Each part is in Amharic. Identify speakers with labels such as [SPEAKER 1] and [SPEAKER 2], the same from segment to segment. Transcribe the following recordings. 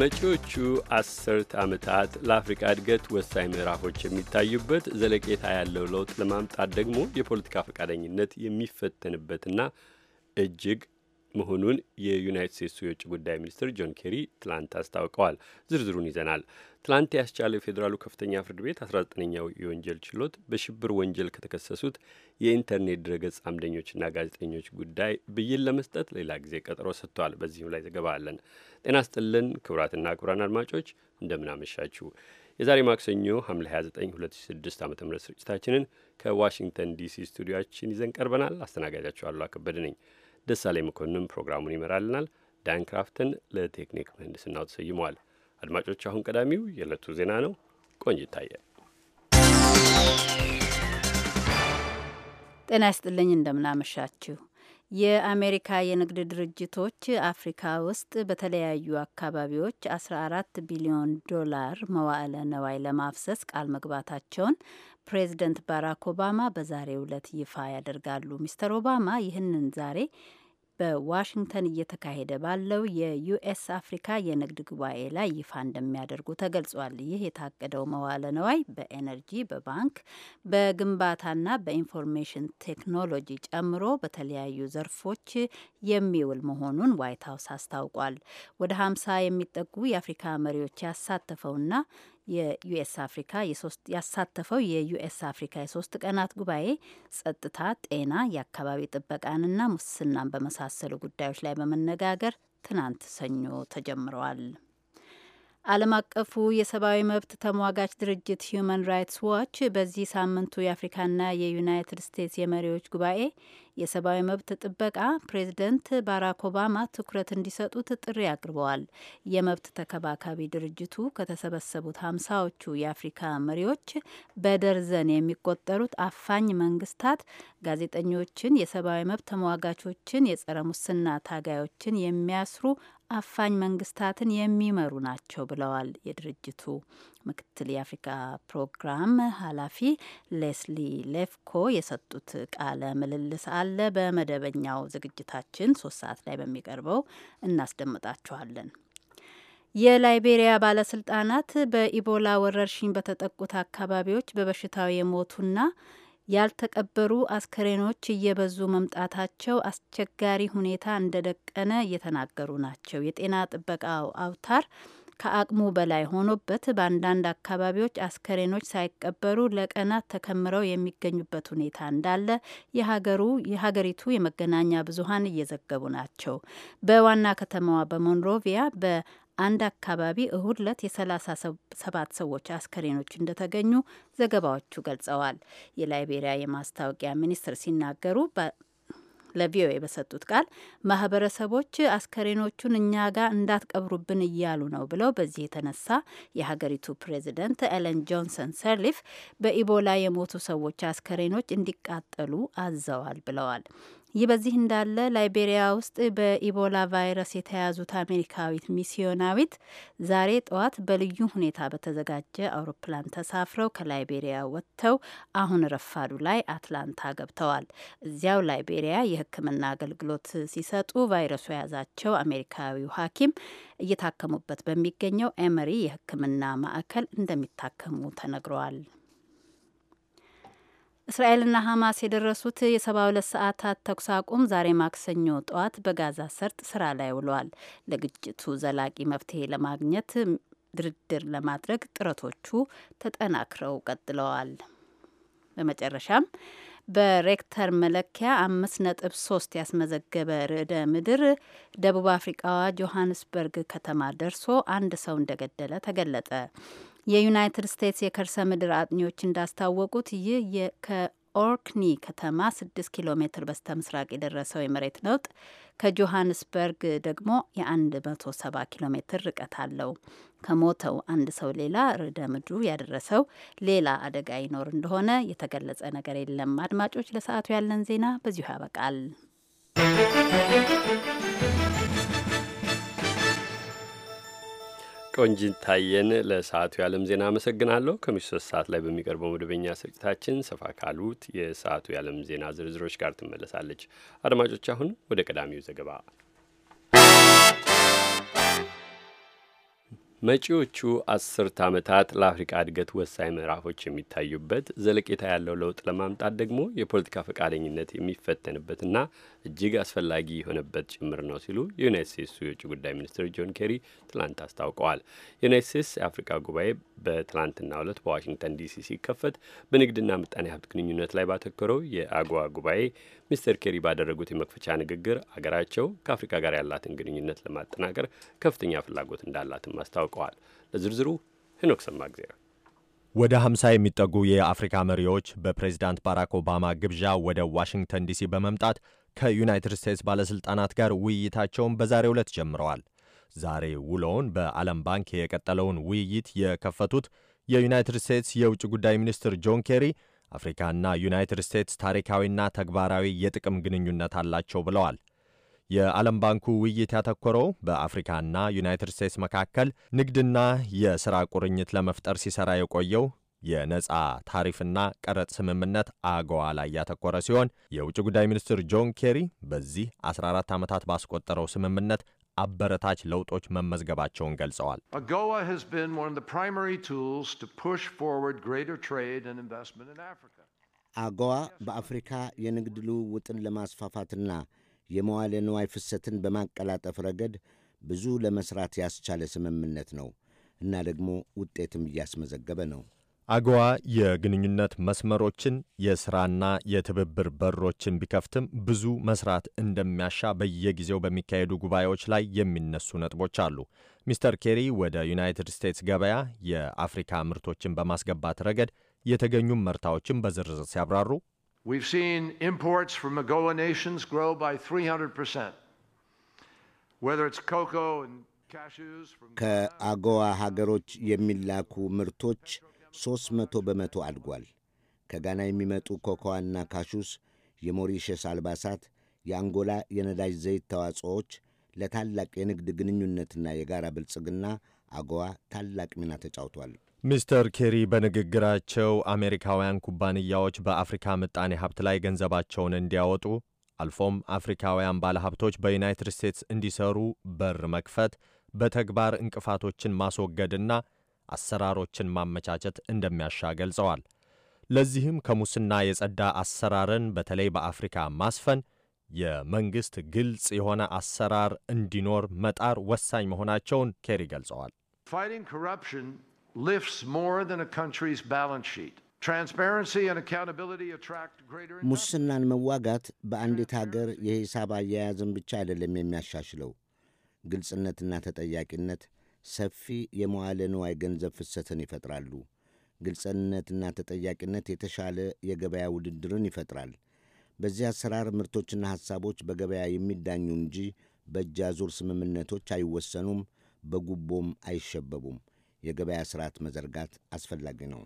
[SPEAKER 1] መጪዎቹ አስርት ዓመታት ለአፍሪካ እድገት ወሳኝ ምዕራፎች የሚታዩበት ዘለቄታ ያለው ለውጥ ለማምጣት ደግሞ የፖለቲካ ፈቃደኝነት የሚፈተንበትና እጅግ መሆኑን የዩናይት ስቴትሱ የውጭ ጉዳይ ሚኒስትር ጆን ኬሪ ትላንት አስታውቀዋል። ዝርዝሩን ይዘናል። ትላንት ያስቻለው የፌዴራሉ ከፍተኛ ፍርድ ቤት 19ኛው የወንጀል ችሎት በሽብር ወንጀል ከተከሰሱት የኢንተርኔት ድረገጽ አምደኞችና ጋዜጠኞች ጉዳይ ብይን ለመስጠት ሌላ ጊዜ ቀጠሮ ሰጥቷል። በዚህም ላይ ዘገባ አለን። ጤና ስጥልን ክቡራትና ክቡራን አድማጮች እንደምናመሻችሁ። የዛሬ ማክሰኞ ሐምሌ 29 2006 ዓ ም ስርጭታችንን ከዋሽንግተን ዲሲ ስቱዲዮችን ይዘን ቀርበናል። አስተናጋጃችሁ አሉ ከበደ ነኝ። ደሳሌ መኮንን ፕሮግራሙን ይመራልናል። ዳን ክራፍትን ለቴክኒክ ምህንድስናው ተሰይመዋል። አድማጮች፣ አሁን ቀዳሚው የዕለቱ ዜና ነው። ቆንጅ ይታያል።
[SPEAKER 2] ጤና ይስጥልኝ እንደምናመሻችሁ የአሜሪካ የንግድ ድርጅቶች አፍሪካ ውስጥ በተለያዩ አካባቢዎች 14 ቢሊዮን ዶላር መዋዕለ ነዋይ ለማፍሰስ ቃል መግባታቸውን ፕሬዚደንት ባራክ ኦባማ በዛሬው ዕለት ይፋ ያደርጋሉ። ሚስተር ኦባማ ይህንን ዛሬ በዋሽንግተን እየተካሄደ ባለው የዩኤስ አፍሪካ የንግድ ጉባኤ ላይ ይፋ እንደሚያደርጉ ተገልጿል። ይህ የታቀደው መዋለ ነዋይ በኤነርጂ፣ በባንክ፣ በግንባታና በኢንፎርሜሽን ቴክኖሎጂ ጨምሮ በተለያዩ ዘርፎች የሚውል መሆኑን ዋይት ሀውስ አስታውቋል። ወደ ሀምሳ የሚጠጉ የአፍሪካ መሪዎች ያሳተፈውና የዩኤስ አፍሪካ ያሳተፈው የዩኤስ አፍሪካ የሶስት ቀናት ጉባኤ ጸጥታ፣ ጤና፣ የአካባቢ ጥበቃንና ሙስናን በመሳሰሉ ጉዳዮች ላይ በመነጋገር ትናንት ሰኞ ተጀምረዋል። ዓለም አቀፉ የሰብአዊ መብት ተሟጋች ድርጅት ሂዩማን ራይትስ ዋች በዚህ ሳምንቱ የአፍሪካና የዩናይትድ ስቴትስ የመሪዎች ጉባኤ የሰብአዊ መብት ጥበቃ ፕሬዝደንት ባራክ ኦባማ ትኩረት እንዲሰጡት ጥሪ አቅርበዋል። የመብት ተከባካቢ ድርጅቱ ከተሰበሰቡት ሀምሳዎቹ የአፍሪካ መሪዎች በደርዘን የሚቆጠሩት አፋኝ መንግስታት ጋዜጠኞችን፣ የሰብአዊ መብት ተሟጋቾችን፣ የጸረ ሙስና ታጋዮችን የሚያስሩ አፋኝ መንግስታትን የሚመሩ ናቸው ብለዋል የድርጅቱ ምክትል የአፍሪካ ፕሮግራም ኃላፊ ሌስሊ ሌፍኮ የሰጡት ቃለ ምልልስ አለ። በመደበኛው ዝግጅታችን ሶስት ሰዓት ላይ በሚቀርበው እናስደምጣችኋለን። የላይቤሪያ ባለስልጣናት በኢቦላ ወረርሽኝ በተጠቁት አካባቢዎች በበሽታው የሞቱና ያልተቀበሩ አስከሬኖች እየበዙ መምጣታቸው አስቸጋሪ ሁኔታ እንደደቀነ እየተናገሩ ናቸው። የጤና ጥበቃው አውታር ከአቅሙ በላይ ሆኖበት በአንዳንድ አካባቢዎች አስከሬኖች ሳይቀበሩ ለቀናት ተከምረው የሚገኙበት ሁኔታ እንዳለ የሀገሩ የሀገሪቱ የመገናኛ ብዙኃን እየዘገቡ ናቸው። በዋና ከተማዋ በሞንሮቪያ በ አንድ አካባቢ እሁድ ዕለት የሰላሳ ሰባት ሰዎች አስከሬኖች እንደተገኙ ዘገባዎቹ ገልጸዋል። የላይቤሪያ የማስታወቂያ ሚኒስትር ሲናገሩ ለቪኦኤ በሰጡት ቃል ማህበረሰቦች አስከሬኖቹን እኛ ጋር እንዳትቀብሩብን እያሉ ነው ብለው በዚህ የተነሳ የሀገሪቱ ፕሬዚደንት ኤለን ጆንሰን ሰርሊፍ በኢቦላ የሞቱ ሰዎች አስከሬኖች እንዲቃጠሉ አዘዋል ብለዋል። ይህ በዚህ እንዳለ ላይቤሪያ ውስጥ በኢቦላ ቫይረስ የተያዙት አሜሪካዊት ሚስዮናዊት ዛሬ ጠዋት በልዩ ሁኔታ በተዘጋጀ አውሮፕላን ተሳፍረው ከላይቤሪያ ወጥተው አሁን ረፋዱ ላይ አትላንታ ገብተዋል። እዚያው ላይቤሪያ የሕክምና አገልግሎት ሲሰጡ ቫይረሱ የያዛቸው አሜሪካዊው ሐኪም እየታከሙበት በሚገኘው ኤመሪ የሕክምና ማዕከል እንደሚታከሙ ተነግረዋል። እስራኤልና ሐማስ የደረሱት የሰባ ሁለት ሰዓታት ተኩስ አቁም ዛሬ ማክሰኞ ጠዋት በጋዛ ሰርጥ ስራ ላይ ውሏል። ለግጭቱ ዘላቂ መፍትሄ ለማግኘት ድርድር ለማድረግ ጥረቶቹ ተጠናክረው ቀጥለዋል። በመጨረሻም በሬክተር መለኪያ አምስት ነጥብ ሶስት ያስመዘገበ ርዕደ ምድር ደቡብ አፍሪቃዋ ጆሀንስበርግ ከተማ ደርሶ አንድ ሰው እንደገደለ ተገለጠ። የዩናይትድ ስቴትስ የከርሰ ምድር አጥኚዎች እንዳስታወቁት ይህ ከኦርክኒ ከተማ ስድስት ኪሎ ሜትር በስተ ምስራቅ የደረሰው የመሬት ነውጥ ከጆሃንስበርግ ደግሞ የ170 ኪሎ ሜትር ርቀት አለው። ከሞተው አንድ ሰው ሌላ ርዕደ ምድሩ ያደረሰው ሌላ አደጋ ይኖር እንደሆነ የተገለጸ ነገር የለም። አድማጮች፣ ለሰዓቱ ያለን ዜና በዚሁ ያበቃል።
[SPEAKER 1] ቆንጂት ታየን ለሰዓቱ የዓለም ዜና አመሰግናለሁ። ከምሽቱ ሶስት ሰዓት ላይ በሚቀርበው መደበኛ ስርጭታችን ሰፋ ካሉት የሰዓቱ የዓለም ዜና ዝርዝሮች ጋር ትመለሳለች። አድማጮች፣ አሁን ወደ ቀዳሚው ዘገባ መጪዎቹ አስርት ዓመታት ለአፍሪቃ እድገት ወሳኝ ምዕራፎች የሚታዩበት ዘለቄታ ያለው ለውጥ ለማምጣት ደግሞ የፖለቲካ ፈቃደኝነት የሚፈተንበትና እጅግ አስፈላጊ የሆነበት ጭምር ነው ሲሉ የዩናይት ስቴትሱ የውጭ ጉዳይ ሚኒስትር ጆን ኬሪ ትላንት አስታውቀዋል። የዩናይት ስቴትስ የአፍሪካ ጉባኤ በትላንትናው ዕለት በዋሽንግተን ዲሲ ሲከፈት በንግድና ምጣኔ ሀብት ግንኙነት ላይ ባተኮረው የአጓ ጉባኤ ሚስተር ኬሪ ባደረጉት የመክፈቻ ንግግር አገራቸው ከአፍሪካ ጋር ያላትን ግንኙነት ለማጠናከር ከፍተኛ ፍላጎት እንዳላትም አስታውቀዋል። አስታውቀዋል። ለዝርዝሩ ሄኖክ ሰማግዜር
[SPEAKER 3] ወደ 50 የሚጠጉ የአፍሪካ መሪዎች በፕሬዚዳንት ባራክ ኦባማ ግብዣ ወደ ዋሽንግተን ዲሲ በመምጣት ከዩናይትድ ስቴትስ ባለሥልጣናት ጋር ውይይታቸውን በዛሬ ዕለት ጀምረዋል። ዛሬ ውሎውን በዓለም ባንክ የቀጠለውን ውይይት የከፈቱት የዩናይትድ ስቴትስ የውጭ ጉዳይ ሚኒስትር ጆን ኬሪ አፍሪካና ዩናይትድ ስቴትስ ታሪካዊና ተግባራዊ የጥቅም ግንኙነት አላቸው ብለዋል። የዓለም ባንኩ ውይይት ያተኮረው በአፍሪካና ዩናይትድ ስቴትስ መካከል ንግድና የሥራ ቁርኝት ለመፍጠር ሲሠራ የቆየው የነጻ ታሪፍና ቀረጥ ስምምነት አገዋ ላይ ያተኮረ ሲሆን የውጭ ጉዳይ ሚኒስትር ጆን ኬሪ በዚህ 14 ዓመታት ባስቆጠረው ስምምነት አበረታች ለውጦች መመዝገባቸውን ገልጸዋል።
[SPEAKER 4] አገዋ በአፍሪካ የንግድ ልውውጥን ለማስፋፋትና የመዋለ ንዋይ ፍሰትን በማቀላጠፍ ረገድ ብዙ ለመስራት ያስቻለ ስምምነት ነው እና ደግሞ ውጤትም እያስመዘገበ ነው። አገዋ
[SPEAKER 3] የግንኙነት መስመሮችን የሥራና የትብብር በሮችን ቢከፍትም ብዙ መስራት እንደሚያሻ በየጊዜው በሚካሄዱ ጉባኤዎች ላይ የሚነሱ ነጥቦች አሉ። ሚስተር ኬሪ ወደ ዩናይትድ ስቴትስ ገበያ የአፍሪካ ምርቶችን በማስገባት ረገድ የተገኙ መርታዎችን በዝርዝር ሲያብራሩ
[SPEAKER 5] We've seen imports from AGOA nations grow by 300%. Whether it's cocoa and cashews from
[SPEAKER 4] ከአጎዋ ሀገሮች የሚላኩ ምርቶች 300 በመቶ አድጓል። ከጋና የሚመጡ ኮኮዋና ካሹስ፣ የሞሪሸስ አልባሳት፣ የአንጎላ የነዳጅ ዘይት ተዋጽኦዎች ለታላቅ የንግድ ግንኙነትና የጋራ ብልጽግና አጎዋ ታላቅ ሚና ተጫውቷል።
[SPEAKER 3] ሚስተር ኬሪ በንግግራቸው አሜሪካውያን ኩባንያዎች በአፍሪካ ምጣኔ ሀብት ላይ ገንዘባቸውን እንዲያወጡ አልፎም አፍሪካውያን ባለሀብቶች በዩናይትድ ስቴትስ እንዲሰሩ በር መክፈት፣ በተግባር እንቅፋቶችን ማስወገድና አሰራሮችን ማመቻቸት እንደሚያሻ ገልጸዋል። ለዚህም ከሙስና የጸዳ አሰራርን በተለይ በአፍሪካ ማስፈን፣ የመንግሥት ግልጽ የሆነ አሰራር እንዲኖር መጣር ወሳኝ መሆናቸውን ኬሪ
[SPEAKER 4] ገልጸዋል። ሙስናን መዋጋት በአንዲት ሀገር የሂሳብ አያያዝን ብቻ አይደለም የሚያሻሽለው። ግልጽነትና ተጠያቂነት ሰፊ የመዋለ ንዋይ ገንዘብ ፍሰትን ይፈጥራሉ። ግልጽነትና ተጠያቂነት የተሻለ የገበያ ውድድርን ይፈጥራል። በዚህ አሰራር ምርቶችና ሐሳቦች በገበያ የሚዳኙ እንጂ በእጅ አዙር ስምምነቶች አይወሰኑም፣ በጉቦም አይሸበቡም። የገበያ ስርዓት መዘርጋት አስፈላጊ ነው።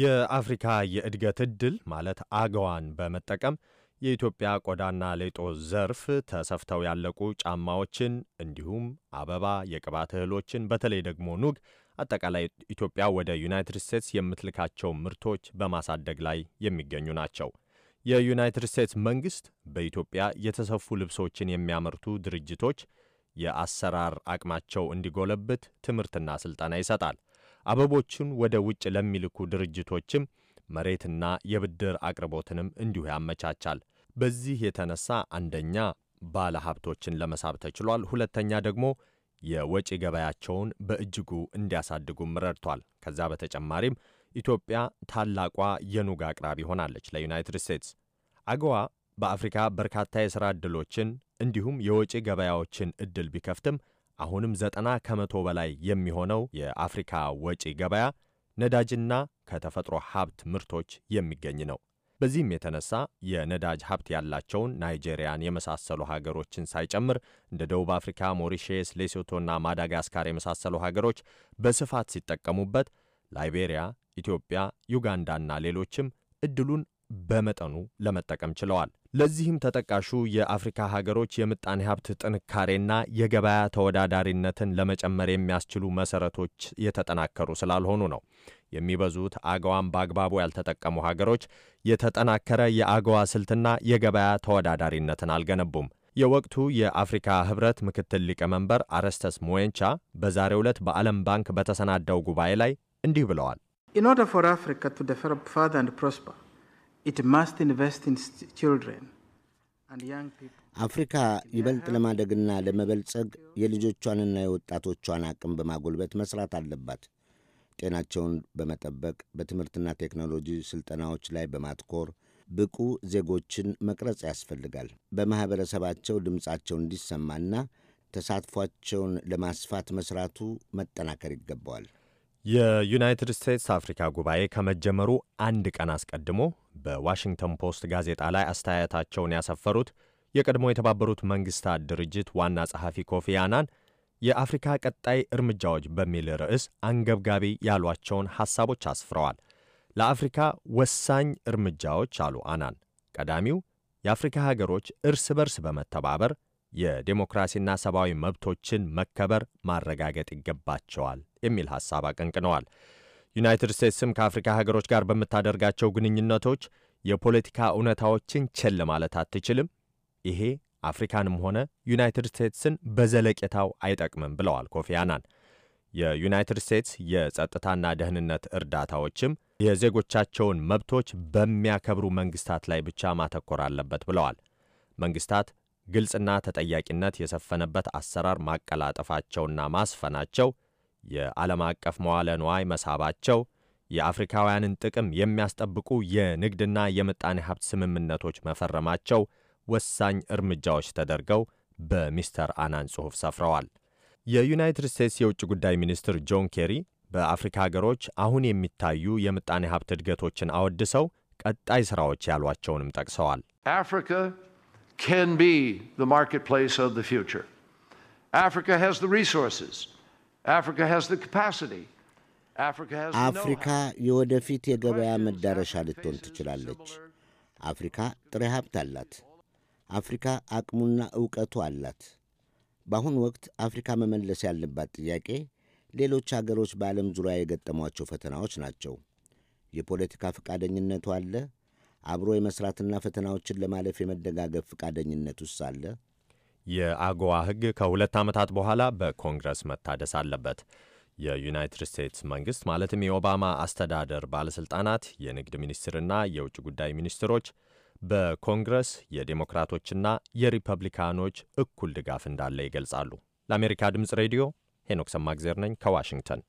[SPEAKER 3] የአፍሪካ የእድገት እድል ማለት አገዋን በመጠቀም የኢትዮጵያ ቆዳና ሌጦ ዘርፍ ተሰፍተው ያለቁ ጫማዎችን እንዲሁም አበባ፣ የቅባት እህሎችን በተለይ ደግሞ ኑግ፣ አጠቃላይ ኢትዮጵያ ወደ ዩናይትድ ስቴትስ የምትልካቸው ምርቶች በማሳደግ ላይ የሚገኙ ናቸው። የዩናይትድ ስቴትስ መንግሥት በኢትዮጵያ የተሰፉ ልብሶችን የሚያመርቱ ድርጅቶች የአሰራር አቅማቸው እንዲጎለብት ትምህርትና ሥልጠና ይሰጣል። አበቦቹን ወደ ውጭ ለሚልኩ ድርጅቶችም መሬትና የብድር አቅርቦትንም እንዲሁ ያመቻቻል። በዚህ የተነሳ አንደኛ ባለ ሀብቶችን ለመሳብ ተችሏል። ሁለተኛ ደግሞ የወጪ ገበያቸውን በእጅጉ እንዲያሳድጉም ረድቷል። ከዛ በተጨማሪም ኢትዮጵያ ታላቋ የኑግ አቅራቢ ሆናለች ለዩናይትድ ስቴትስ። አገዋ በአፍሪካ በርካታ የሥራ ዕድሎችን እንዲሁም የወጪ ገበያዎችን ዕድል ቢከፍትም አሁንም ዘጠና ከመቶ በላይ የሚሆነው የአፍሪካ ወጪ ገበያ ነዳጅና ከተፈጥሮ ሀብት ምርቶች የሚገኝ ነው። በዚህም የተነሳ የነዳጅ ሀብት ያላቸውን ናይጄሪያን የመሳሰሉ ሀገሮችን ሳይጨምር እንደ ደቡብ አፍሪካ፣ ሞሪሼስ፣ ሌሶቶና ማዳጋስካር የመሳሰሉ ሀገሮች በስፋት ሲጠቀሙበት ላይቤሪያ፣ ኢትዮጵያ፣ ዩጋንዳና ሌሎችም ዕድሉን በመጠኑ ለመጠቀም ችለዋል። ለዚህም ተጠቃሹ የአፍሪካ ሀገሮች የምጣኔ ሀብት ጥንካሬና የገበያ ተወዳዳሪነትን ለመጨመር የሚያስችሉ መሰረቶች የተጠናከሩ ስላልሆኑ ነው። የሚበዙት አገዋን በአግባቡ ያልተጠቀሙ ሀገሮች የተጠናከረ የአገዋ ስልትና የገበያ ተወዳዳሪነትን አልገነቡም። የወቅቱ የአፍሪካ ህብረት ምክትል ሊቀመንበር አረስተስ ሞዌንቻ በዛሬው ዕለት በዓለም ባንክ በተሰናዳው ጉባኤ ላይ እንዲህ ብለዋል።
[SPEAKER 2] ኢን ኦርደር ፎር አፍሪካ ቱ develop further and ፕሮስፐር
[SPEAKER 4] አፍሪካ ይበልጥ ለማደግና ለመበልጸግ የልጆቿንና የወጣቶቿን አቅም በማጎልበት መስራት አለባት። ጤናቸውን በመጠበቅ በትምህርትና ቴክኖሎጂ ስልጠናዎች ላይ በማትኮር ብቁ ዜጎችን መቅረጽ ያስፈልጋል። በማኅበረሰባቸው ድምፃቸው እንዲሰማና ተሳትፏቸውን ለማስፋት መስራቱ መጠናከር ይገባዋል።
[SPEAKER 3] የዩናይትድ ስቴትስ አፍሪካ ጉባኤ ከመጀመሩ አንድ ቀን አስቀድሞ በዋሽንግተን ፖስት ጋዜጣ ላይ አስተያየታቸውን ያሰፈሩት የቀድሞ የተባበሩት መንግስታት ድርጅት ዋና ጸሐፊ ኮፊ አናን የአፍሪካ ቀጣይ እርምጃዎች በሚል ርዕስ አንገብጋቢ ያሏቸውን ሐሳቦች አስፍረዋል። ለአፍሪካ ወሳኝ እርምጃዎች አሉ አናን። ቀዳሚው የአፍሪካ ሀገሮች እርስ በርስ በመተባበር የዴሞክራሲና ሰብአዊ መብቶችን መከበር ማረጋገጥ ይገባቸዋል የሚል ሐሳብ አቀንቅነዋል። ዩናይትድ ስቴትስም ከአፍሪካ ሀገሮች ጋር በምታደርጋቸው ግንኙነቶች የፖለቲካ እውነታዎችን ቸል ማለት አትችልም፣ ይሄ አፍሪካንም ሆነ ዩናይትድ ስቴትስን በዘለቄታው አይጠቅምም ብለዋል ኮፊ አናን። የዩናይትድ ስቴትስ የጸጥታና ደህንነት እርዳታዎችም የዜጎቻቸውን መብቶች በሚያከብሩ መንግስታት ላይ ብቻ ማተኮር አለበት ብለዋል። መንግስታት ግልጽና ተጠያቂነት የሰፈነበት አሰራር ማቀላጠፋቸውና ማስፈናቸው የዓለም አቀፍ መዋለ ንዋይ መሳባቸው የአፍሪካውያንን ጥቅም የሚያስጠብቁ የንግድና የምጣኔ ሀብት ስምምነቶች መፈረማቸው ወሳኝ እርምጃዎች ተደርገው በሚስተር አናን ጽሑፍ ሰፍረዋል። የዩናይትድ ስቴትስ የውጭ ጉዳይ ሚኒስትር ጆን ኬሪ በአፍሪካ ሀገሮች አሁን የሚታዩ የምጣኔ ሀብት እድገቶችን አወድሰው ቀጣይ ሥራዎች ያሏቸውንም ጠቅሰዋል።
[SPEAKER 5] አፍሪካ ካን ቢ ማርኬት ፕሌስ ኦፍ ፊውቸር አፍሪካ ሃዝ ሪሶርስስ አፍሪካ
[SPEAKER 4] የወደፊት የገበያ መዳረሻ ልትሆን ትችላለች። አፍሪካ ጥሬ ሀብት አላት። አፍሪካ አቅሙና ዕውቀቱ አላት። በአሁኑ ወቅት አፍሪካ መመለስ ያለባት ጥያቄ ሌሎች አገሮች በዓለም ዙሪያ የገጠሟቸው ፈተናዎች ናቸው። የፖለቲካ ፈቃደኝነቱ አለ። አብሮ የመሥራትና ፈተናዎችን ለማለፍ የመደጋገፍ ፈቃደኝነቱስ አለ።
[SPEAKER 3] የአጎዋ ሕግ ከሁለት ዓመታት በኋላ በኮንግረስ መታደስ አለበት። የዩናይትድ ስቴትስ መንግሥት ማለትም የኦባማ አስተዳደር ባለሥልጣናት፣ የንግድ ሚኒስትርና የውጭ ጉዳይ ሚኒስትሮች በኮንግረስ የዴሞክራቶችና የሪፐብሊካኖች እኩል ድጋፍ እንዳለ ይገልጻሉ። ለአሜሪካ ድምፅ ሬዲዮ
[SPEAKER 1] ሄኖክ ሰማግዜር
[SPEAKER 3] ነኝ ከዋሽንግተን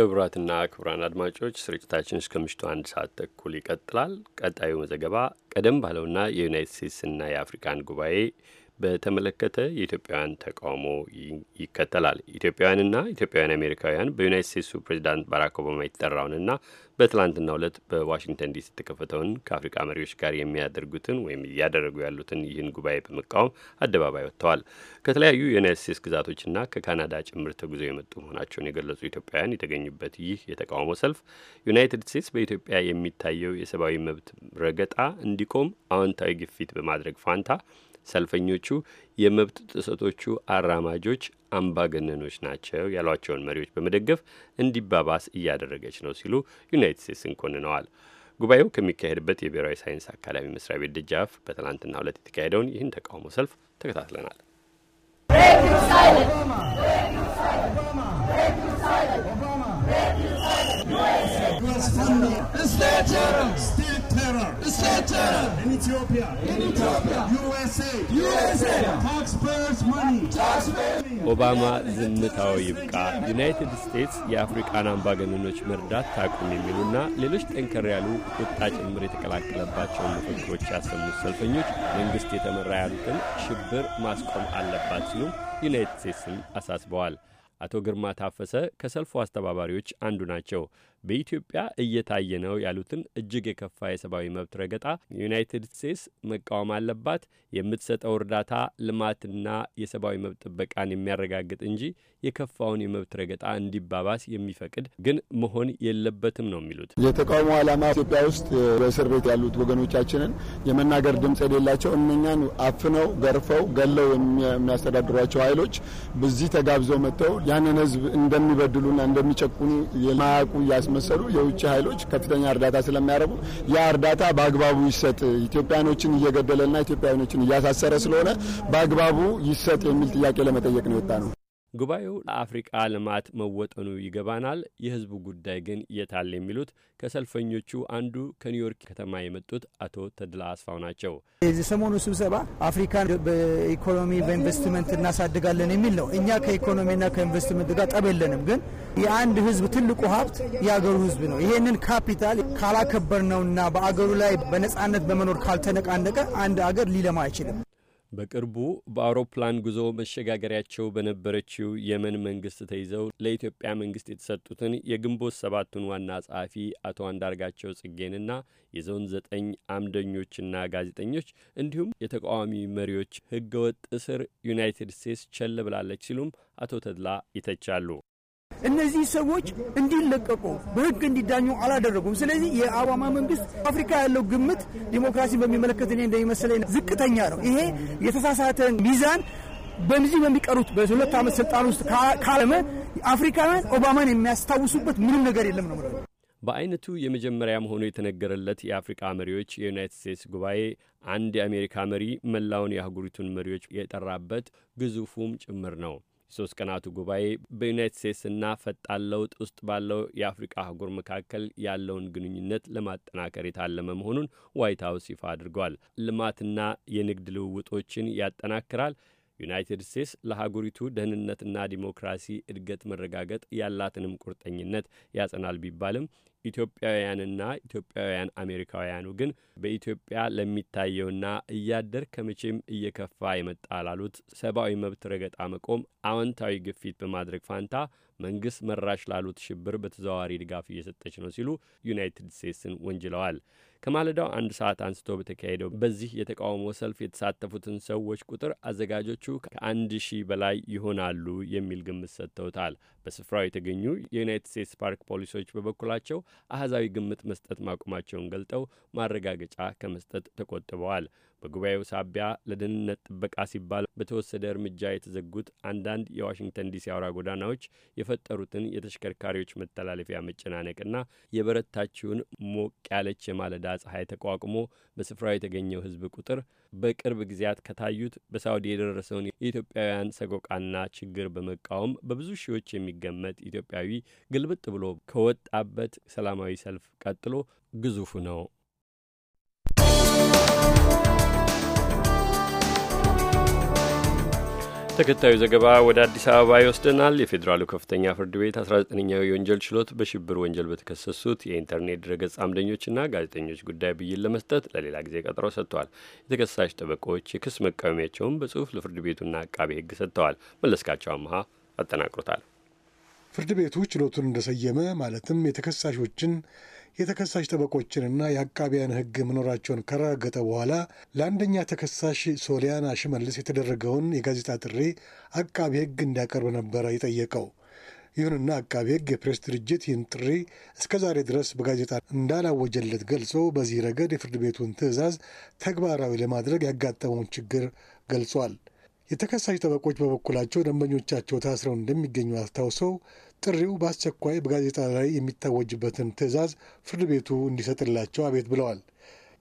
[SPEAKER 1] ክቡራትና ክቡራን አድማጮች ስርጭታችን እስከ ምሽቱ አንድ ሰዓት ተኩል ይቀጥላል። ቀጣዩ ዘገባ ቀደም ባለውና የዩናይትድ ስቴትስና የአፍሪካን ጉባኤ በተመለከተ የኢትዮጵያውያን ተቃውሞ ይከተላል። ኢትዮጵያውያንና ኢትዮጵያውያን አሜሪካውያን በዩናይት ስቴትሱ ፕሬዚዳንት ባራክ ኦባማ የተጠራውንና በትላንትና ዕለት በዋሽንግተን ዲሲ የተከፈተውን ከአፍሪቃ መሪዎች ጋር የሚያደርጉትን ወይም እያደረጉ ያሉትን ይህን ጉባኤ በመቃወም አደባባይ ወጥተዋል። ከተለያዩ የዩናይት ስቴትስ ግዛቶችና ከካናዳ ጭምር ተጉዘው የመጡ መሆናቸውን የገለጹ ኢትዮጵያውያን የተገኙበት ይህ የተቃውሞ ሰልፍ ዩናይትድ ስቴትስ በኢትዮጵያ የሚታየው የሰብአዊ መብት ረገጣ እንዲቆም አዎንታዊ ግፊት በማድረግ ፋንታ ሰልፈኞቹ የመብት ጥሰቶቹ አራማጆች አምባገነኖች ናቸው ያሏቸውን መሪዎች በመደገፍ እንዲባባስ እያደረገች ነው ሲሉ ዩናይትድ ስቴትስን ኮንነዋል። ጉባኤው ከሚካሄድበት የብሔራዊ ሳይንስ አካዳሚ መስሪያ ቤት ደጃፍ በትናንትና ሁለት የተካሄደውን ይህን ተቃውሞ ሰልፍ ተከታትለናል።
[SPEAKER 6] terror! Obama. terror! in Ethiopia, in Ethiopia, USA, USA, taxpayers' money, taxpayers'
[SPEAKER 1] ኦባማ ዝምታው ይብቃ፣ ዩናይትድ ስቴትስ የአፍሪቃን አምባገነኖች መርዳት ታቁም የሚሉና ሌሎች ጠንከር ያሉ ቁጣ ጭምር የተቀላቀለባቸውን መፈክሮች ያሰሙት ሰልፈኞች መንግስት የተመራ ያሉትን ሽብር ማስቆም አለባት ሲሉም ዩናይትድ ስቴትስን አሳስበዋል። አቶ ግርማ ታፈሰ ከሰልፉ አስተባባሪዎች አንዱ ናቸው። በኢትዮጵያ እየታየ ነው ያሉትን እጅግ የከፋ የሰብአዊ መብት ረገጣ ዩናይትድ ስቴትስ መቃወም አለባት። የምትሰጠው እርዳታ ልማትና የሰብአዊ መብት ጥበቃን የሚያረጋግጥ እንጂ የከፋውን የመብት ረገጣ እንዲባባስ የሚፈቅድ ግን መሆን የለበትም ነው የሚሉት። የተቃውሞ ዓላማ
[SPEAKER 6] ኢትዮጵያ ውስጥ በእስር ቤት ያሉት ወገኖቻችንን የመናገር ድምፅ የሌላቸው እነኛን አፍነው ገርፈው ገለው የሚያስተዳድሯቸው ኃይሎች በዚህ ተጋብዘው መጥተው ያንን ህዝብ እንደሚበድሉና እንደሚጨቁኑ የማያውቁ ያስመሰሉ የውጭ ኃይሎች ከፍተኛ እርዳታ ስለሚያደርጉ ያ እርዳታ በአግባቡ ይሰጥ፣ ኢትዮጵያኖችን እየገደለና ኢትዮጵያኖችን እያሳሰረ ስለሆነ በአግባቡ ይሰጥ የሚል ጥያቄ ለመጠየቅ ነው የወጣ ነው።
[SPEAKER 1] ጉባኤው ለአፍሪቃ ልማት መወጠኑ ይገባናል፣ የህዝቡ ጉዳይ ግን የታል የሚሉት ከሰልፈኞቹ አንዱ ከኒውዮርክ ከተማ የመጡት አቶ ተድላ አስፋው ናቸው።
[SPEAKER 6] የዚህ ሰሞኑ ስብሰባ አፍሪካን በኢኮኖሚ በኢንቨስትመንት እናሳድጋለን የሚል ነው። እኛ ከኢኮኖሚና ከኢንቨስትመንት ጋር ጠብ የለንም፣ ግን የአንድ ህዝብ ትልቁ ሀብት የአገሩ ህዝብ ነው። ይሄንን ካፒታል ካላከበር ነውና በአገሩ ላይ በነጻነት በመኖር ካልተነቃነቀ አንድ አገር ሊለማ አይችልም።
[SPEAKER 1] በቅርቡ በአውሮፕላን ጉዞ መሸጋገሪያቸው በነበረችው የመን መንግስት ተይዘው ለኢትዮጵያ መንግስት የተሰጡትን የግንቦት ሰባቱን ዋና ጸሐፊ አቶ አንዳርጋቸው ጽጌንና የዞን ዘጠኝ አምደኞችና ጋዜጠኞች እንዲሁም የተቃዋሚ መሪዎች ህገወጥ እስር ዩናይትድ ስቴትስ ቸል ብላለች ሲሉም አቶ ተድላ ይተቻሉ።
[SPEAKER 6] እነዚህ ሰዎች እንዲለቀቁ በህግ እንዲዳኙ አላደረጉም። ስለዚህ የኦባማ መንግስት አፍሪካ ያለው ግምት ዲሞክራሲ በሚመለከት እኔ እንደሚመስለኝ ዝቅተኛ ነው። ይሄ የተሳሳተን ሚዛን በዚህ በሚቀሩት በሁለት ዓመት ስልጣን ውስጥ ካለመ አፍሪካውያን ኦባማን የሚያስታውሱበት ምንም ነገር የለም ነው።
[SPEAKER 1] በአይነቱ የመጀመሪያ መሆኑ የተነገረለት የአፍሪቃ መሪዎች የዩናይትድ ስቴትስ ጉባኤ አንድ የአሜሪካ መሪ መላውን የአህጉሪቱን መሪዎች የጠራበት ግዙፉም ጭምር ነው። የሶስት ቀናቱ ጉባኤ በዩናይት ስቴትስና ፈጣን ለውጥ ውስጥ ባለው የአፍሪቃ አህጉር መካከል ያለውን ግንኙነት ለማጠናከር የታለመ መሆኑን ዋይት ሀውስ ይፋ አድርጓል። ልማትና የንግድ ልውውጦችን ያጠናክራል ዩናይትድ ስቴትስ ለሀገሪቱ ደህንነትና ዲሞክራሲ እድገት መረጋገጥ ያላትንም ቁርጠኝነት ያጸናል ቢባልም ኢትዮጵያውያንና ኢትዮጵያውያን አሜሪካውያኑ ግን በኢትዮጵያ ለሚታየውና እያደር ከመቼም እየከፋ የመጣ ላሉት ሰብአዊ መብት ረገጣ መቆም አዎንታዊ ግፊት በማድረግ ፋንታ መንግሥት መራሽ ላሉት ሽብር በተዘዋዋሪ ድጋፍ እየሰጠች ነው ሲሉ ዩናይትድ ስቴትስን ወንጅለዋል። ከማለዳው አንድ ሰዓት አንስቶ በተካሄደው በዚህ የተቃውሞ ሰልፍ የተሳተፉትን ሰዎች ቁጥር አዘጋጆቹ ከአንድ ሺህ በላይ ይሆናሉ የሚል ግምት ሰጥተውታል። በስፍራው የተገኙ የዩናይትድ ስቴትስ ፓርክ ፖሊሶች በበኩላቸው አህዛዊ ግምት መስጠት ማቆማቸውን ገልጠው ማረጋገጫ ከመስጠት ተቆጥበዋል። በጉባኤው ሳቢያ ለደህንነት ጥበቃ ሲባል በተወሰደ እርምጃ የተዘጉት አንዳንድ የዋሽንግተን ዲሲ አውራ ጎዳናዎች የፈጠሩትን የተሽከርካሪዎች መተላለፊያ መጨናነቅና የበረታችውን ሞቅ ያለች የማለዳ ፀሐይ ተቋቁሞ በስፍራው የተገኘው ሕዝብ ቁጥር በቅርብ ጊዜያት ከታዩት በሳውዲ የደረሰውን የኢትዮጵያውያን ሰቆቃና ችግር በመቃወም በብዙ ሺዎች የሚገመት ኢትዮጵያዊ ግልብጥ ብሎ ከወጣበት ሰላማዊ ሰልፍ ቀጥሎ ግዙፉ ነው። ተከታዩ ዘገባ ወደ አዲስ አበባ ይወስደናል። የፌዴራሉ ከፍተኛ ፍርድ ቤት 19ኛው የወንጀል ችሎት በሽብር ወንጀል በተከሰሱት የኢንተርኔት ድረገጽ አምደኞችና ጋዜጠኞች ጉዳይ ብይን ለመስጠት ለሌላ ጊዜ ቀጠሮ ሰጥቷል። የተከሳሽ ጠበቆች የክስ መቃወሚያቸውን በጽሁፍ ለፍርድ ቤቱና አቃቤ ሕግ ሰጥተዋል። መለስካቸው አመሃ አጠናቅሮታል።
[SPEAKER 6] ፍርድ ቤቱ ችሎቱን እንደሰየመ ማለትም የተከሳሾችን የተከሳሽ ጠበቆችንና የአቃቢያን ሕግ መኖራቸውን ከረጋገጠ በኋላ ለአንደኛ ተከሳሽ ሶሊያና ሽመልስ የተደረገውን የጋዜጣ ጥሪ አቃቢ ሕግ እንዲያቀርብ ነበረ የጠየቀው። ይሁንና አቃቢ ሕግ የፕሬስ ድርጅት ይህን ጥሪ እስከ ዛሬ ድረስ በጋዜጣ እንዳላወጀለት ገልጾ በዚህ ረገድ የፍርድ ቤቱን ትዕዛዝ ተግባራዊ ለማድረግ ያጋጠመውን ችግር ገልጿል። የተከሳሽ ጠበቆች በበኩላቸው ደንበኞቻቸው ታስረው እንደሚገኙ አስታውሰው ጥሪው በአስቸኳይ በጋዜጣ ላይ የሚታወጅበትን ትዕዛዝ ፍርድ ቤቱ እንዲሰጥላቸው አቤት ብለዋል።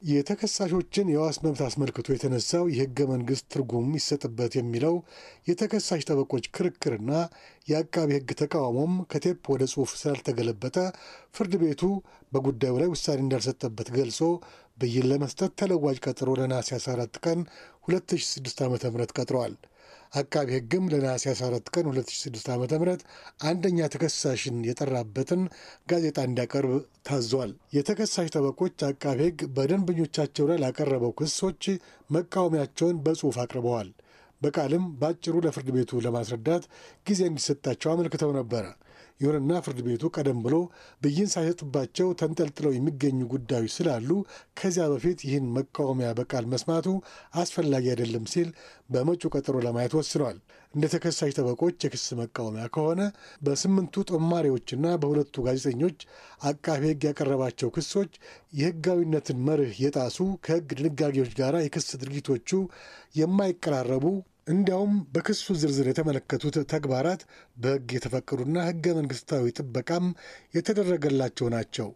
[SPEAKER 6] የተከሳሾችን የዋስ መብት አስመልክቶ የተነሳው የህገ መንግስት ትርጉም ይሰጥበት የሚለው የተከሳሽ ጠበቆች ክርክርና የአቃቢ ህግ ተቃውሞም ከቴፕ ወደ ጽሑፍ ስላልተገለበጠ ፍርድ ቤቱ በጉዳዩ ላይ ውሳኔ እንዳልሰጠበት ገልጾ ብይን ለመስጠት ተለዋጅ ቀጠሮ ለነሐሴ 14 ቀን 2006 ዓ.ም ቀጥረዋል። አቃቢ ሕግም ለነሐሴ 14 ቀን 2006 ዓ ም አንደኛ ተከሳሽን የጠራበትን ጋዜጣ እንዲያቀርብ ታዟል። የተከሳሽ ጠበቆች አቃቢ ሕግ በደንበኞቻቸው ላይ ላቀረበው ክሶች መቃወሚያቸውን በጽሑፍ አቅርበዋል። በቃልም በአጭሩ ለፍርድ ቤቱ ለማስረዳት ጊዜ እንዲሰጣቸው አመልክተው ነበረ። ይሁንና ፍርድ ቤቱ ቀደም ብሎ ብይን ሳይሰጥባቸው ተንጠልጥለው የሚገኙ ጉዳዮች ስላሉ ከዚያ በፊት ይህን መቃወሚያ በቃል መስማቱ አስፈላጊ አይደለም ሲል በመጪው ቀጠሮ ለማየት ወስኗል። እንደ ተከሳሽ ጠበቆች የክስ መቃወሚያ ከሆነ በስምንቱ ጦማሪዎችና በሁለቱ ጋዜጠኞች አቃቤ ሕግ ያቀረባቸው ክሶች የሕጋዊነትን መርህ የጣሱ ከሕግ ድንጋጌዎች ጋር የክስ ድርጊቶቹ የማይቀራረቡ እንዲያውም በክሱ ዝርዝር የተመለከቱት ተግባራት በሕግ የተፈቀዱና ሕገ መንግሥታዊ ጥበቃም የተደረገላቸው ናቸው።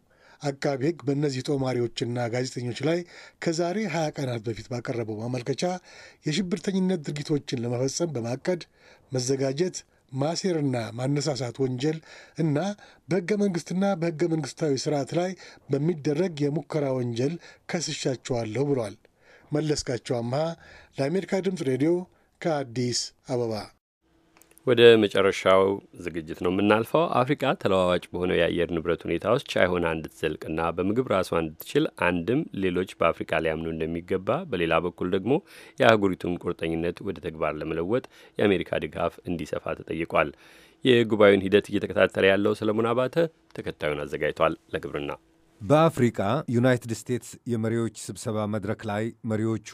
[SPEAKER 6] አቃቢ ሕግ በእነዚህ ጦማሪዎችና ጋዜጠኞች ላይ ከዛሬ 20 ቀናት በፊት ባቀረበው ማመልከቻ የሽብርተኝነት ድርጊቶችን ለመፈጸም በማቀድ መዘጋጀት፣ ማሴርና ማነሳሳት ወንጀል እና በሕገ መንግሥትና በሕገ መንግሥታዊ ስርዓት ላይ በሚደረግ የሙከራ ወንጀል ከስሻቸዋለሁ ብሏል። መለስካቸው አምሃ ለአሜሪካ ድምፅ ሬዲዮ ከአዲስ አበባ።
[SPEAKER 1] ወደ መጨረሻው ዝግጅት ነው የምናልፈው። አፍሪቃ ተለዋዋጭ በሆነው የአየር ንብረት ሁኔታ ውስጥ ቻይ ሆና እንድትዘልቅና በምግብ ራሷ እንድትችል አንድም ሌሎች በአፍሪቃ ሊያምኑ እንደሚገባ፣ በሌላ በኩል ደግሞ የአህጉሪቱን ቁርጠኝነት ወደ ተግባር ለመለወጥ የአሜሪካ ድጋፍ እንዲሰፋ ተጠይቋል። የጉባኤውን ሂደት እየተከታተለ ያለው ሰለሞን አባተ ተከታዩን አዘጋጅቷል። ለግብርና
[SPEAKER 7] በአፍሪቃ ዩናይትድ ስቴትስ የመሪዎች ስብሰባ መድረክ ላይ መሪዎቹ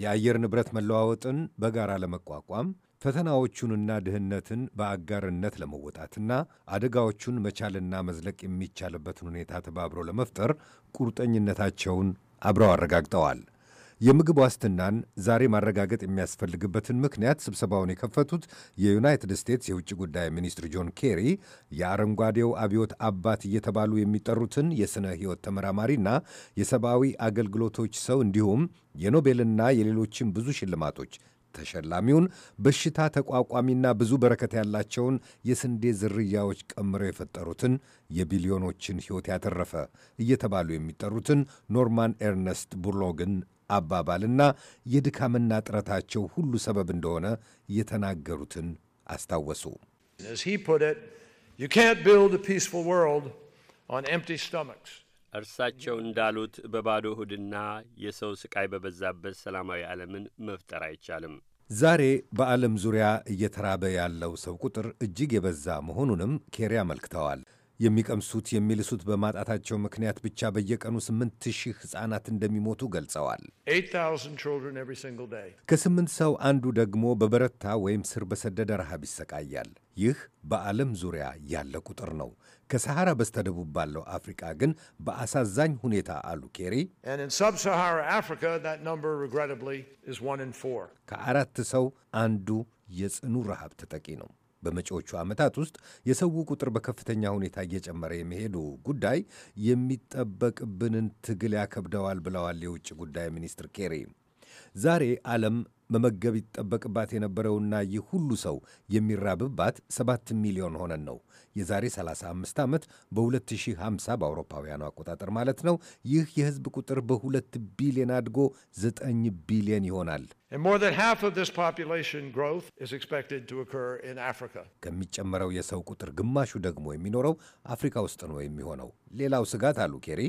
[SPEAKER 7] የአየር ንብረት መለዋወጥን በጋራ ለመቋቋም ፈተናዎቹንና ድህነትን በአጋርነት ለመወጣትና አደጋዎቹን መቻልና መዝለቅ የሚቻልበትን ሁኔታ ተባብሮ ለመፍጠር ቁርጠኝነታቸውን አብረው አረጋግጠዋል። የምግብ ዋስትናን ዛሬ ማረጋገጥ የሚያስፈልግበትን ምክንያት ስብሰባውን የከፈቱት የዩናይትድ ስቴትስ የውጭ ጉዳይ ሚኒስትር ጆን ኬሪ የአረንጓዴው አብዮት አባት እየተባሉ የሚጠሩትን የሥነ ሕይወት ተመራማሪና የሰብአዊ አገልግሎቶች ሰው እንዲሁም የኖቤልና የሌሎችም ብዙ ሽልማቶች ተሸላሚውን በሽታ ተቋቋሚና ብዙ በረከት ያላቸውን የስንዴ ዝርያዎች ቀምረው የፈጠሩትን የቢሊዮኖችን ሕይወት ያተረፈ እየተባሉ የሚጠሩትን ኖርማን ኤርነስት ቡርሎግን አባባልና የድካምና ጥረታቸው ሁሉ ሰበብ እንደሆነ የተናገሩትን አስታወሱ።
[SPEAKER 5] እርሳቸው እንዳሉት
[SPEAKER 1] በባዶ ሆድና የሰው ስቃይ በበዛበት ሰላማዊ ዓለምን መፍጠር አይቻልም።
[SPEAKER 7] ዛሬ በዓለም ዙሪያ እየተራበ ያለው ሰው ቁጥር እጅግ የበዛ መሆኑንም ኬሪ አመልክተዋል። የሚቀምሱት የሚልሱት በማጣታቸው ምክንያት ብቻ በየቀኑ ስምንት ሺህ ሕፃናት እንደሚሞቱ ገልጸዋል። ከስምንት ሰው አንዱ ደግሞ በበረታ ወይም ስር በሰደደ ረሃብ ይሰቃያል። ይህ በዓለም ዙሪያ ያለ ቁጥር ነው። ከሰሐራ በስተደቡብ ባለው አፍሪቃ ግን በአሳዛኝ ሁኔታ አሉ ኬሪ ከአራት ሰው አንዱ የጽኑ ረሃብ ተጠቂ ነው። በመጪዎቹ ዓመታት ውስጥ የሰው ቁጥር በከፍተኛ ሁኔታ እየጨመረ የመሄዱ ጉዳይ የሚጠበቅብንን ትግል ያከብደዋል ብለዋል የውጭ ጉዳይ ሚኒስትር ኬሪ። ዛሬ ዓለም መመገብ ይጠበቅባት የነበረውና ይህ ሁሉ ሰው የሚራብባት 7 ሚሊዮን ሆነን ነው የዛሬ 35 ዓመት በ2050 በአውሮፓውያኑ አቆጣጠር ማለት ነው። ይህ የህዝብ ቁጥር በ2 ቢሊዮን አድጎ 9 ቢሊዮን ይሆናል። ከሚጨመረው የሰው ቁጥር ግማሹ ደግሞ የሚኖረው አፍሪካ ውስጥ ነው የሚሆነው። ሌላው ስጋት አሉ ኬሪ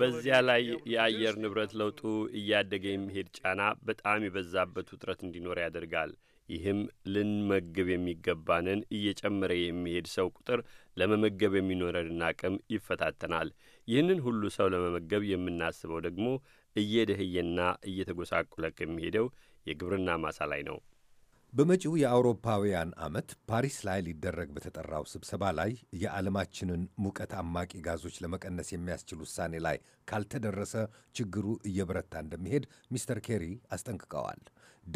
[SPEAKER 1] በዚያ ላይ የአየር ንብረት ለውጡ እያደገ የሚሄድ ጫና በጣም የበዛበት ውጥረት እንዲኖር ያደርጋል። ይህም ልንመገብ የሚገባንን እየጨመረ የሚሄድ ሰው ቁጥር ለመመገብ የሚኖረንን አቅም ይፈታተናል። ይህንን ሁሉ ሰው ለመመገብ የምናስበው ደግሞ እየደህየና እየተጎሳቆለ ከሚሄደው የግብርና ማሳ ላይ ነው።
[SPEAKER 7] በመጪው የአውሮፓውያን ዓመት ፓሪስ ላይ ሊደረግ በተጠራው ስብሰባ ላይ የዓለማችንን ሙቀት አማቂ ጋዞች ለመቀነስ የሚያስችል ውሳኔ ላይ ካልተደረሰ ችግሩ እየበረታ እንደሚሄድ ሚስተር ኬሪ አስጠንቅቀዋል።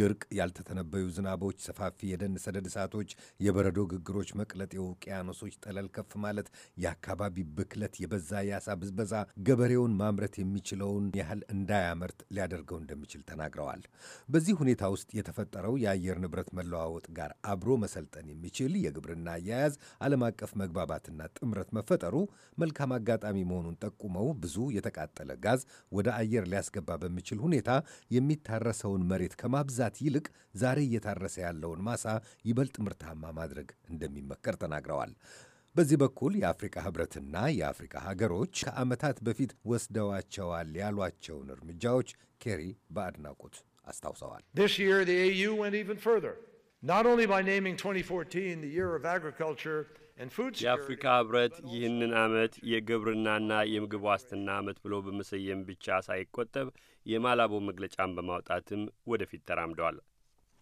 [SPEAKER 7] ድርቅ፣ ያልተተነበዩ ዝናቦች፣ ሰፋፊ የደን ሰደድ እሳቶች፣ የበረዶ ግግሮች መቅለጥ፣ የውቅያኖሶች ጠለል ከፍ ማለት፣ የአካባቢ ብክለት፣ የበዛ የአሳ ብዝበዛ ገበሬውን ማምረት የሚችለውን ያህል እንዳያመርት ሊያደርገው እንደሚችል ተናግረዋል። በዚህ ሁኔታ ውስጥ የተፈጠረው የአየር ንብረት መለዋወጥ ጋር አብሮ መሰልጠን የሚችል የግብርና አያያዝ ዓለም አቀፍ መግባባትና ጥምረት መፈጠሩ መልካም አጋጣሚ መሆኑን ጠቁመው ብዙ የተቃጠለ ጋዝ ወደ አየር ሊያስገባ በሚችል ሁኔታ የሚታረሰውን መሬት ከማብዛ ከመግዛት ይልቅ ዛሬ እየታረሰ ያለውን ማሳ ይበልጥ ምርታማ ማድረግ እንደሚመከር ተናግረዋል። በዚህ በኩል የአፍሪካ ህብረትና የአፍሪካ ሀገሮች ከዓመታት በፊት ወስደዋቸዋል ያሏቸውን እርምጃዎች ኬሪ በአድናቆት አስታውሰዋል።
[SPEAKER 1] የአፍሪካ ህብረት ይህንን ዓመት የግብርናና የምግብ ዋስትና ዓመት ብሎ በመሰየም ብቻ ሳይቆጠብ የማላቦ መግለጫን በማውጣትም ወደፊት ተራምደዋል።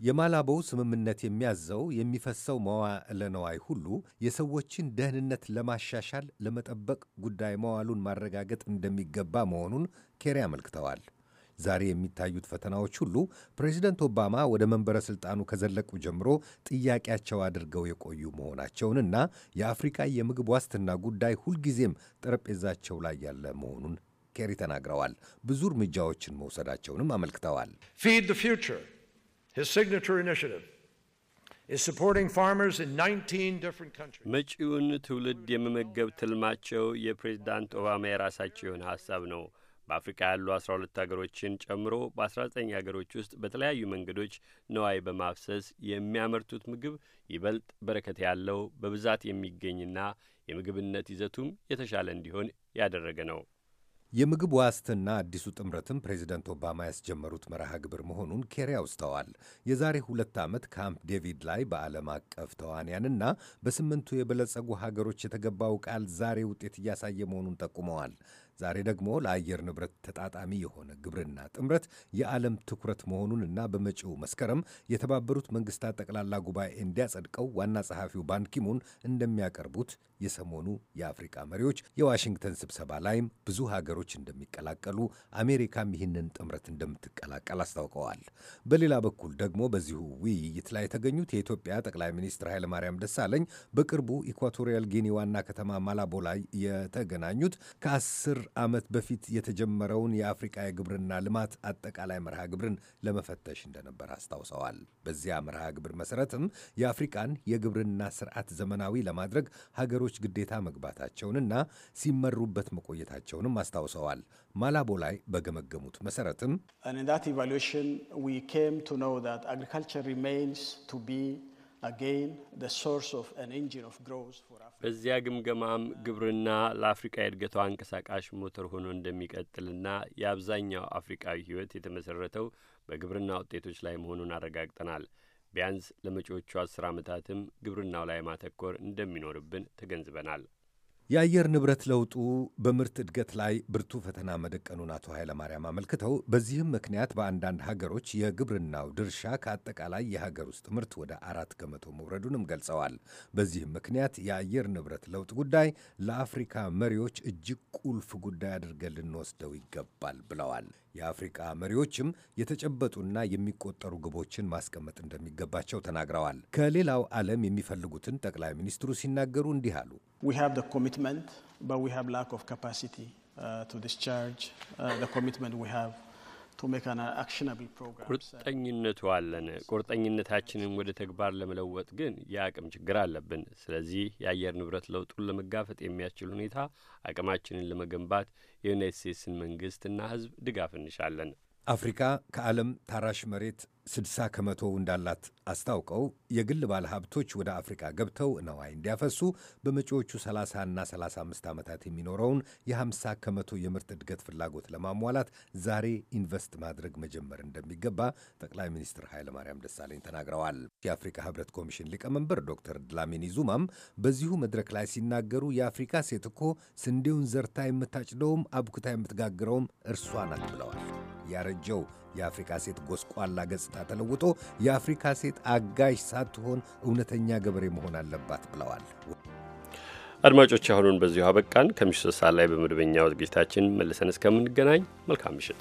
[SPEAKER 7] የማላቦው ስምምነት የሚያዘው የሚፈሰው መዋዕለ ነዋይ ሁሉ የሰዎችን ደህንነት ለማሻሻል ለመጠበቅ ጉዳይ መዋሉን ማረጋገጥ እንደሚገባ መሆኑን ኬሪ አመልክተዋል። ዛሬ የሚታዩት ፈተናዎች ሁሉ ፕሬዚደንት ኦባማ ወደ መንበረ ሥልጣኑ ከዘለቁ ጀምሮ ጥያቄያቸው አድርገው የቆዩ መሆናቸውንና የአፍሪካ የምግብ ዋስትና ጉዳይ ሁልጊዜም ጠረጴዛቸው ላይ ያለ መሆኑን ኬሪ ተናግረዋል። ብዙ እርምጃዎችን መውሰዳቸውንም አመልክተዋል። ፊድ ዘ ፊውቸር
[SPEAKER 5] ሂዝ ሲግኒቸር ኢኒሺቲቭ
[SPEAKER 1] መጪውን ትውልድ የመመገብ ትልማቸው የፕሬዝዳንት ኦባማ የራሳቸው የሆነ ሀሳብ ነው። በአፍሪካ ያሉ 12 አገሮችን ሀገሮችን ጨምሮ በ19 ሀገሮች ውስጥ በተለያዩ መንገዶች ነዋይ በማፍሰስ የሚያመርቱት ምግብ ይበልጥ በረከት ያለው በብዛት የሚገኝና የምግብነት ይዘቱም የተሻለ እንዲሆን ያደረገ ነው።
[SPEAKER 7] የምግብ ዋስትና አዲሱ ጥምረትም ፕሬዚደንት ኦባማ ያስጀመሩት መርሃ ግብር መሆኑን ኬሪ አውስተዋል። የዛሬ ሁለት ዓመት ካምፕ ዴቪድ ላይ በዓለም አቀፍ ተዋንያንና በስምንቱ የበለጸጉ ሀገሮች የተገባው ቃል ዛሬ ውጤት እያሳየ መሆኑን ጠቁመዋል። ዛሬ ደግሞ ለአየር ንብረት ተጣጣሚ የሆነ ግብርና ጥምረት የዓለም ትኩረት መሆኑን እና በመጪው መስከረም የተባበሩት መንግስታት ጠቅላላ ጉባኤ እንዲያጸድቀው ዋና ጸሐፊው ባንኪሙን እንደሚያቀርቡት የሰሞኑ የአፍሪቃ መሪዎች የዋሽንግተን ስብሰባ ላይም ብዙ ሀገሮች እንደሚቀላቀሉ፣ አሜሪካም ይህንን ጥምረት እንደምትቀላቀል አስታውቀዋል። በሌላ በኩል ደግሞ በዚሁ ውይይት ላይ የተገኙት የኢትዮጵያ ጠቅላይ ሚኒስትር ኃይለማርያም ደሳለኝ በቅርቡ ኢኳቶሪያል ጊኒ ዋና ከተማ ማላቦ ላይ የተገናኙት ከአስር ዓመት በፊት የተጀመረውን የአፍሪቃ የግብርና ልማት አጠቃላይ መርሃ ግብርን ለመፈተሽ እንደነበር አስታውሰዋል። በዚያ መርሃ ግብር መሰረትም የአፍሪቃን የግብርና ስርዓት ዘመናዊ ለማድረግ ሀገሮች ግዴታ መግባታቸውንና ሲመሩበት መቆየታቸውንም አስታውሰዋል። ማላቦ ላይ በገመገሙት መሰረትም
[SPEAKER 2] ኢቫሉዌሽን ዊ ኬም ቱ ኖው ዛት አግሪካልቸር ሪሜይንስ ቱ ቢ
[SPEAKER 1] በዚያ ግምገማም ግብርና ለአፍሪቃ የእድገቷ አንቀሳቃሽ ሞተር ሆኖ እንደሚቀጥልና የአብዛኛው አፍሪቃዊ ህይወት የተመሰረተው በግብርና ውጤቶች ላይ መሆኑን አረጋግጠናል። ቢያንስ ለመጪዎቹ አስር ዓመታትም ግብርናው ላይ ማተኮር እንደሚኖርብን ተገንዝበናል።
[SPEAKER 7] የአየር ንብረት ለውጡ በምርት እድገት ላይ ብርቱ ፈተና መደቀኑን አቶ ኃይለማርያም አመልክተው በዚህም ምክንያት በአንዳንድ ሀገሮች የግብርናው ድርሻ ከአጠቃላይ የሀገር ውስጥ ምርት ወደ አራት ከመቶ መውረዱንም ገልጸዋል። በዚህም ምክንያት የአየር ንብረት ለውጥ ጉዳይ ለአፍሪካ መሪዎች እጅግ ቁልፍ ጉዳይ አድርገን ልንወስደው ይገባል ብለዋል። የአፍሪቃ መሪዎችም የተጨበጡና የሚቆጠሩ ግቦችን ማስቀመጥ እንደሚገባቸው ተናግረዋል። ከሌላው ዓለም የሚፈልጉትን ጠቅላይ ሚኒስትሩ ሲናገሩ
[SPEAKER 2] እንዲህ አሉ። ኮሚትመንት ላክ ኦፍ ካፓሲቲ ቱ ዲስቻርጅ ኮሚትመንት
[SPEAKER 1] ቁርጠኝነቱ አለን። ቁርጠኝነታችንን ወደ ተግባር ለመለወጥ ግን የአቅም ችግር አለብን። ስለዚህ የአየር ንብረት ለውጡን ለመጋፈጥ የሚያስችል ሁኔታ አቅማችንን ለመገንባት የዩናይት ስቴትስን መንግስትና ህዝብ ድጋፍ እንሻለን።
[SPEAKER 7] አፍሪካ ከዓለም ታራሽ መሬት 60 ከመቶ እንዳላት አስታውቀው የግል ባለሀብቶች ወደ አፍሪካ ገብተው ነዋይ እንዲያፈሱ በመጪዎቹ 30 እና 35 ዓመታት የሚኖረውን የ50 ከመቶ የምርት እድገት ፍላጎት ለማሟላት ዛሬ ኢንቨስት ማድረግ መጀመር እንደሚገባ ጠቅላይ ሚኒስትር ኃይለማርያም ደሳለኝ ተናግረዋል። የአፍሪካ ህብረት ኮሚሽን ሊቀመንበር ዶክተር ድላሚኒ ዙማም በዚሁ መድረክ ላይ ሲናገሩ የአፍሪካ ሴት እኮ ስንዴውን ዘርታ የምታጭደውም አብኩታ የምትጋግረውም እርሷ ናት ብለዋል። ያረጀው የአፍሪካ ሴት ጎስቋላ ገጽታ ተለውጦ የአፍሪካ ሴት አጋዥ ሳትሆን እውነተኛ ገበሬ መሆን አለባት ብለዋል።
[SPEAKER 1] አድማጮች፣ አሁኑን በዚሁ አበቃን። ከምሽቱ ሰዓት ላይ በመደበኛው ዝግጅታችን መልሰን እስከምንገናኝ መልካም ምሽት።